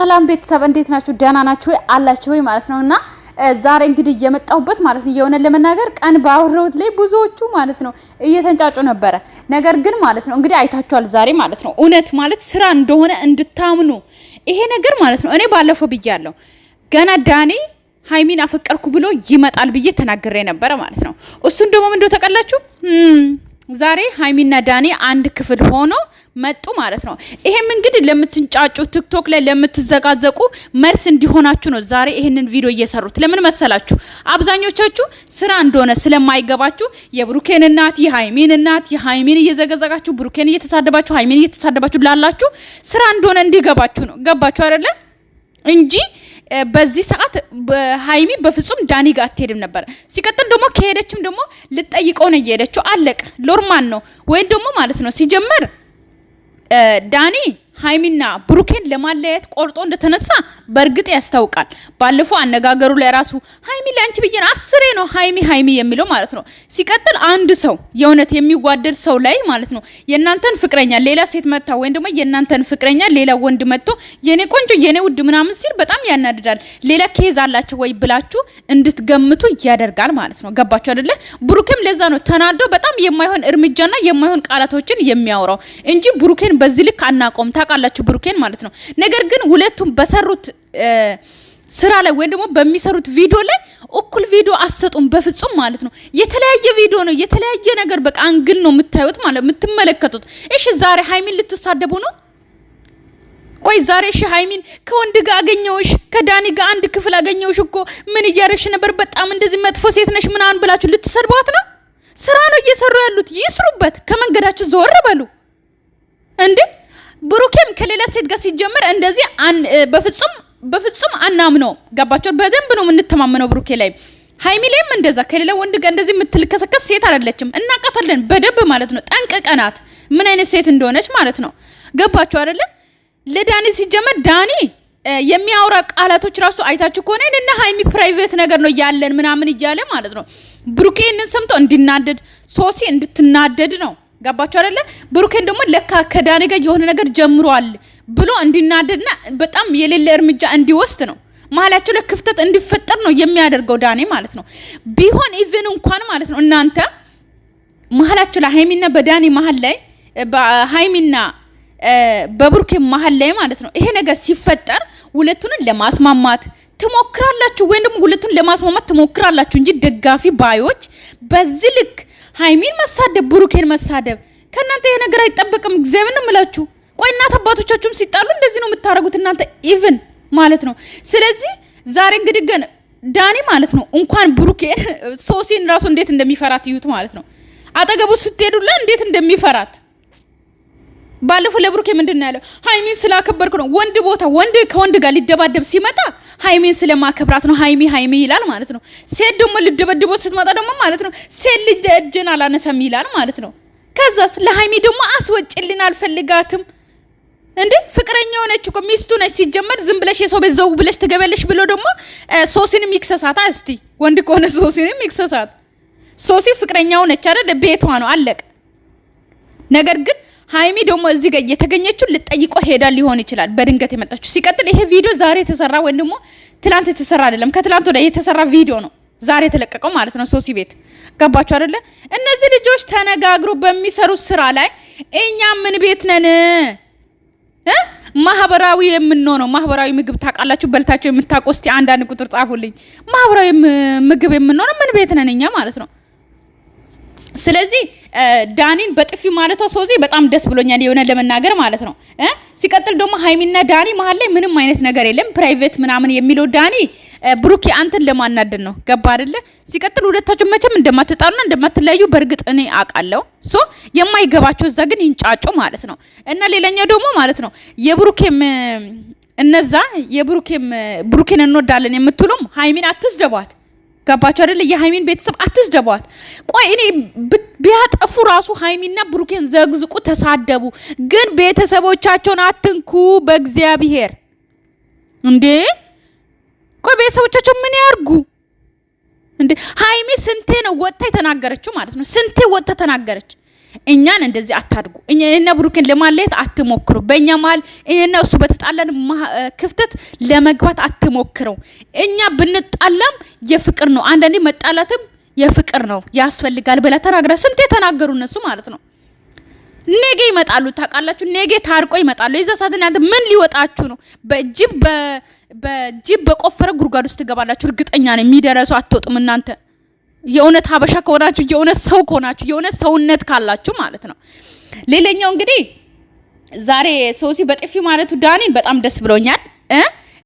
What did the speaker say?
ሰላም ቤተሰብ እንዴት ናችሁ? ደህና ናችሁ አላችሁ ወይ ማለት ነውና ዛሬ እንግዲህ የመጣሁበት ማለት ነው የሆነ ለመናገር ቀን ባወራሁት ላይ ብዙዎቹ ማለት ነው እየተንጫጩ ነበረ። ነገር ግን ማለት ነው እንግዲህ አይታችኋል ዛሬ ማለት ነው እውነት ማለት ስራ እንደሆነ እንድታምኑ ይሄ ነገር ማለት ነው እኔ ባለፈው ብያለሁ። ገና ዳኒ ሀይሚን አፈቀርኩ ብሎ ይመጣል ብዬ ተናግሬ ነበረ ማለት ነው። እሱን ደግሞ ምንድነው ተቀላችሁ ዛሬ ሀይሚና ዳኔ አንድ ክፍል ሆኖ መጡ ማለት ነው። ይሄም እንግዲህ ለምትንጫጩ ቲክቶክ ላይ ለምትዘጋዘቁ መልስ እንዲሆናችሁ ነው ዛሬ ይህንን ቪዲዮ እየሰሩት። ለምን መሰላችሁ? አብዛኞቻችሁ ስራ እንደሆነ ስለማይገባችሁ የብሩኬን እናት የሀይሚን እናት የሀይሚን እየዘገዘጋችሁ ብሩኬን እየተሳደባችሁ ሀይሚን እየተሳደባችሁ ላላችሁ ስራ እንደሆነ እንዲገባችሁ ነው። ገባችሁ አይደለ እንጂ በዚህ ሰዓት ሀይሚ በፍጹም ዳኒ ጋር አትሄድም ነበር። ሲቀጥል ደግሞ ከሄደችም ደግሞ ልጠይቀው ነው እየሄደችው። አለቅ ሎርማን ነው ወይም ደግሞ ማለት ነው ሲጀመር ዳኒ ሀይሚና ብሩኬን ለማለያየት ቆርጦ እንደተነሳ በእርግጥ ያስታውቃል። ባለፈው አነጋገሩ ላይ ራሱ ሀይሚ ለአንቺ ብዬን አስሬ ነው ሀይሚ ሀይሚ የሚለው ማለት ነው። ሲቀጥል አንድ ሰው የእውነት የሚዋደድ ሰው ላይ ማለት ነው የእናንተን ፍቅረኛ ሌላ ሴት መታ ወይም ደግሞ የእናንተን ፍቅረኛ ሌላ ወንድ መጥቶ የኔ ቆንጆ የኔ ውድ ምናምን ሲል በጣም ያናድዳል። ሌላ ኬዝ አላቸው ወይ ብላችሁ እንድትገምቱ ያደርጋል ማለት ነው። ገባችሁ አይደለ? ብሩኬም ለዛ ነው ተናዶ በጣም የማይሆን እርምጃና የማይሆን ቃላቶችን የሚያወራው እንጂ ብሩኬን በዚህ ልክ አናቆም ታውቃላችሁ፣ ብሩኬን ማለት ነው። ነገር ግን ሁለቱም በሰሩት ስራ ላይ ወይም ደግሞ በሚሰሩት ቪዲዮ ላይ እኩል ቪዲዮ አሰጡም በፍጹም ማለት ነው። የተለያየ ቪዲዮ ነው፣ የተለያየ ነገር በቃ አንግል ነው የምታዩት ማለት የምትመለከቱት። እሺ ዛሬ ሀይሚን ልትሳደቡ ነው? ቆይ ዛሬ እሺ ሀይሚን ከወንድ ጋር አገኘውሽ፣ ከዳኒ ጋር አንድ ክፍል አገኘውሽ እኮ ምን እያረግሽ ነበር? በጣም እንደዚህ መጥፎ ሴት ነሽ ምናምን ብላችሁ ልትሰድቧት ነው? ስራ ነው እየሰሩ ያሉት፣ ይስሩበት። ከመንገዳችሁ ዘወር በሉ እንዴ! ብሩኬም ከሌላ ሴት ጋር ሲጀመር እንደዚህ በፍጹም በፍጹም አናምነው። ገባቸው። በደንብ ነው የምንተማመነው ብሩኬ ላይ። ሀይሚ ላይም እንደዛ ከሌላ ወንድ ጋር እንደዚህ የምትልከሰከስ ሴት አይደለችም። እናውቃታለን በደንብ ማለት ነው። ጠንቅቀናት ምን አይነት ሴት እንደሆነች ማለት ነው። ገባችሁ አይደለ? ለዳኒ ሲጀመር ዳኒ የሚያወራ ቃላቶች ራሱ አይታችሁ ከሆነ እና ሀይሚ ፕራይቬት ነገር ነው ያለን ምናምን እያለ ማለት ነው። ብሩኬንን ሰምቶ እንዲናደድ ሶሲ እንድትናደድ ነው ገባችሁ አይደለ? ብሩኬን ደግሞ ለካ ከዳኔ ጋር የሆነ ነገር ጀምሯል ብሎ እንዲናደድና በጣም የሌለ እርምጃ እንዲወስድ ነው መሀላቸው ላይ ክፍተት እንዲፈጠር ነው የሚያደርገው ዳኔ ማለት ነው። ቢሆን ኢቭን እንኳን ማለት ነው እናንተ መሀላቸው ላይ ሀይሚና በዳኔ መሀል ላይ ሀይሚና በብሩኬ መሀል ላይ ማለት ነው ይሄ ነገር ሲፈጠር ሁለቱንን ለማስማማት ትሞክራላችሁ ወይም ደግሞ ሁለቱን ለማስማማት ትሞክራላችሁ እንጂ ደጋፊ ባዮች በዚህ ልክ ሀይሚን መሳደብ፣ ብሩኬን መሳደብ ከእናንተ ይሄ ነገር አይጠበቅም። እግዚአብሔር ነው የምላችሁ። ቆይ እናት አባቶቻችሁም ሲጣሉ እንደዚህ ነው የምታደርጉት እናንተ ኢቭን ማለት ነው። ስለዚህ ዛሬ እንግዲህ ግን ዳኒ ማለት ነው እንኳን ብሩኬን ሶሲን ራሱ እንዴት እንደሚፈራት እዩት ማለት ነው። አጠገቡ ስትሄዱላ እንዴት እንደሚፈራት ባለፈው ለብሩኬ ምንድን ነው ያለው? ሀይሚን ስላከበርኩ ነው ወንድ ቦታ ወንድ ከወንድ ጋር ሊደባደብ ሲመጣ ሀይሚን ስለማከብራት ነው ሀይሚ ሀይሚ ይላል ማለት ነው። ሴት ደግሞ ልደበድቦ ስትመጣ ደግሞ ማለት ነው ሴት ልጅ እጄን አላነሳም ይላል ማለት ነው። ከዛስ ለሀይሚ ደግሞ አስወጭልን አልፈልጋትም እንዴ ፍቅረኛ የሆነች እኮ ሚስቱ ነች። ሲጀመር ዝም ብለሽ የሰው ቤት ዘው ብለሽ ትገበለሽ ብሎ ደግሞ ሶሲንም ይክሰሳታ። እስቲ ወንድ ከሆነ ሶሲንም ይክሰሳት። ሶሲ ፍቅረኛው ነች አይደል? ቤቷ ነው አለቅ። ነገር ግን ሀይሚ ደግሞ እዚህ ጋር እየተገኘችው ልጠይቆ ሄዳ ሊሆን ይችላል በድንገት የመጣችው። ሲቀጥል ይሄ ቪዲዮ ዛሬ የተሰራ ወይም ደግሞ ትላንት የተሰራ አይደለም፣ ከትላንት ወዲያ የተሰራ ቪዲዮ ነው ዛሬ የተለቀቀው ማለት ነው። ሶሲ ቤት ገባችሁ አይደለ? እነዚህ ልጆች ተነጋግሮ በሚሰሩት ስራ ላይ እኛ ምን ቤት ነን? ማህበራዊ የምንሆነው ማህበራዊ ምግብ ታውቃላችሁ፣ በልታችሁ የምታውቁ እስቲ አንዳንድ ቁጥር ጻፉልኝ። ማህበራዊ ምግብ የምንሆነው ምን ቤት ነን እኛ ማለት ነው። ስለዚህ ዳኒን በጥፊ ማለቷ ሰውዚ በጣም ደስ ብሎኛል፣ የሆነ ለመናገር ማለት ነው። ሲቀጥል ደግሞ ሀይሚና ዳኒ መሀል ላይ ምንም አይነት ነገር የለም። ፕራይቬት ምናምን የሚለው ዳኒ ብሩኬ አንተን ለማናደድ ነው። ገባ አይደለ? ሲቀጥል ሁለታችሁ መቼም እንደማትጣሉና እንደማትለያዩ በእርግጥ እኔ አውቃለሁ። ሶ የማይገባቸው እዛ ግን ይንጫጩ ማለት ነው። እና ሌላኛው ደግሞ ማለት ነው የብሩኬም እነዛ የብሩኬም ብሩኬን እንወዳለን የምትሉም ሀይሚን አትስደቧት። ገባቸው አይደል? የሀይሚን ቤተሰብ አትስደቧት። ቆይ እኔ ቢያጠፉ ራሱ ሀይሚና ብሩኬን ዘግዝቁ፣ ተሳደቡ፣ ግን ቤተሰቦቻቸውን አትንኩ። በእግዚአብሔር እንዴ! ቆይ ቤተሰቦቻቸው ምን ያርጉ? እንዴ ሀይሚ ስንቴ ነው ወጥታ የተናገረችው ማለት ነው? ስንቴ ወጥታ ተናገረች? እኛን እንደዚህ አታድጉ። እኔና ብሩክን ለማለየት አትሞክሩ። በእኛ መሀል እኔና እሱ በተጣለን ክፍተት ለመግባት አትሞክረው። እኛ ብንጣላም የፍቅር ነው። አንዳንዴ መጣላትም የፍቅር ነው ያስፈልጋል ብላ ተናግራ ስንቴ ተናገሩ እነሱ ማለት ነው። ነገ ይመጣሉ ታውቃላችሁ። ነገ ታርቆ ይመጣሉ። የዛ ሰዓት እናንተ ምን ሊወጣችሁ ነው? በጅብ በጅብ በቆፈረ ጉድጓድ ውስጥ ትገባላችሁ። እርግጠኛ ነው የሚደረሱ አትወጡም እናንተ የእውነት ሀበሻ ከሆናችሁ የእውነት ሰው ከሆናችሁ የእውነት ሰውነት ካላችሁ ማለት ነው። ሌላኛው እንግዲህ ዛሬ ሶሲ በጥፊ ማለቱ ዳኒን በጣም ደስ ብሎኛል።